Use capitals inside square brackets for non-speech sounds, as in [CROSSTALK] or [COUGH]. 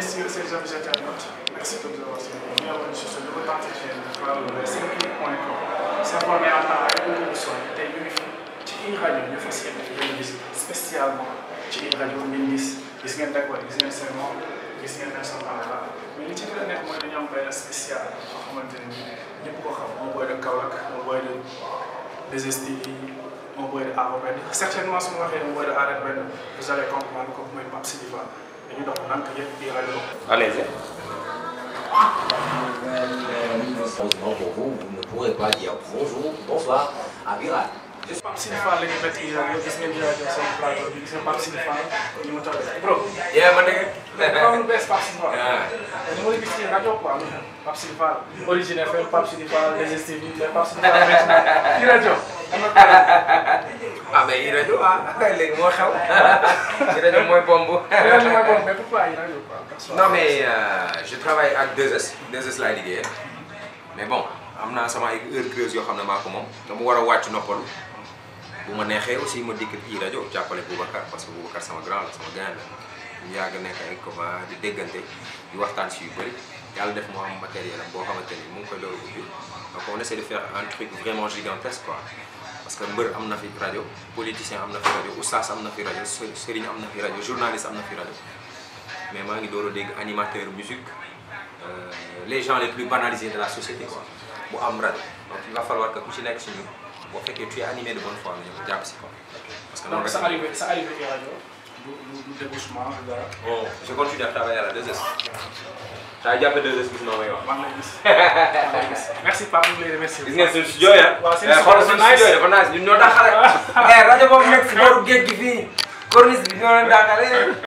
Messieurs, c'est Jean-Michel Carnotte. Merci de nous avoir suivis. Bienvenue sur ce nouveau temps de www.senclic.com. S'informer en temps réel où que vous soyez tey ñu ngi fi ci une rajo ñu fas yéene ngeen gis spécialement ci une rajo ngeen gis gis ngeen Dagwar gis ngeen Sermon gis ngeen Nelson Mandela mais li ci gën a neex mooy dañu am benn spécial boo xamante ne ñëpp koo xam moom booy de Kaolack moom booy de 2STV moom booy de Arobin e certainement su ma waxee moom booy de Arobin e vous allez comprendre que mooy Pape Sidy Ba Allez-y. Pour vous, vous ne pourrez pas dire bonjour, bonsoir à Birane. Pape Sidi Fall la ñu bett yi yow gis ngeen jërëjëf seen plateau bi gis nga Pape Sidi Fall ñu mu taw bro. yaa ma dégg. dafa am lu bees Pape Sidi Fall. ñu ngi gis ngeen rajo quoi. Pape Sidi Fall. origine FM Pape Sidi Fall digestive mais Pape Sidi Fall ci rajo. [LAUGHS] yi rajo ah léegi moo xew yi rajo mooy bomb. yi rajo mooy bomb mais pourquoi yi rajo quoi. non mais je travaille ak 2S 2S mais bon am naa sama ay heure creuse yoo xam ne maa ko moom dama war a wàcc noppalu bu ma neexee aussi ma dikk yi rajo jàppale Boubacar parce que Boubacar sama grand la sama gain la ñu yàgg nekk ay comment di déggante di waxtaan si yu bëri yàlla def moo am matériel am boo xamante ni mu ngi koy door a ubbi donc on essaie de faire un vraiment gigantesque quoi. parce que mbër am na fi rajo politicien am na fi rajo oustaz am na fi rajo sëriñ am na fi rajo journaliste am na fi rajo mais maa ngi door a dégg animateur musique euh, les gens les plus banalisés de la société quoi bu am rajo donc il va falloir que ku nekk si ñun boo fekkee tu es animé de bonne foi nga ñëw jàpp si quoi. parce que donc sa arrivée sa arrivée rajo du du débouchement dara. bon oh, je continue à travailler la 2S. saa yu jàppee 2S gis nga may wax. maa ngi lay gis [LAUGHS] maa ngi lay gis merci Pape ñu ngi lay remercier. gis ngeen suñu studio ya. waaw suñu eh, studio xool suñu studio dafa [LAUGHS] eh, rajo boobu nekk si booru géej gi fii corniche bi ñoo leen dàqale.